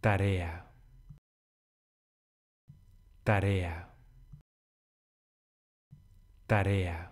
tarea, tarea, tarea.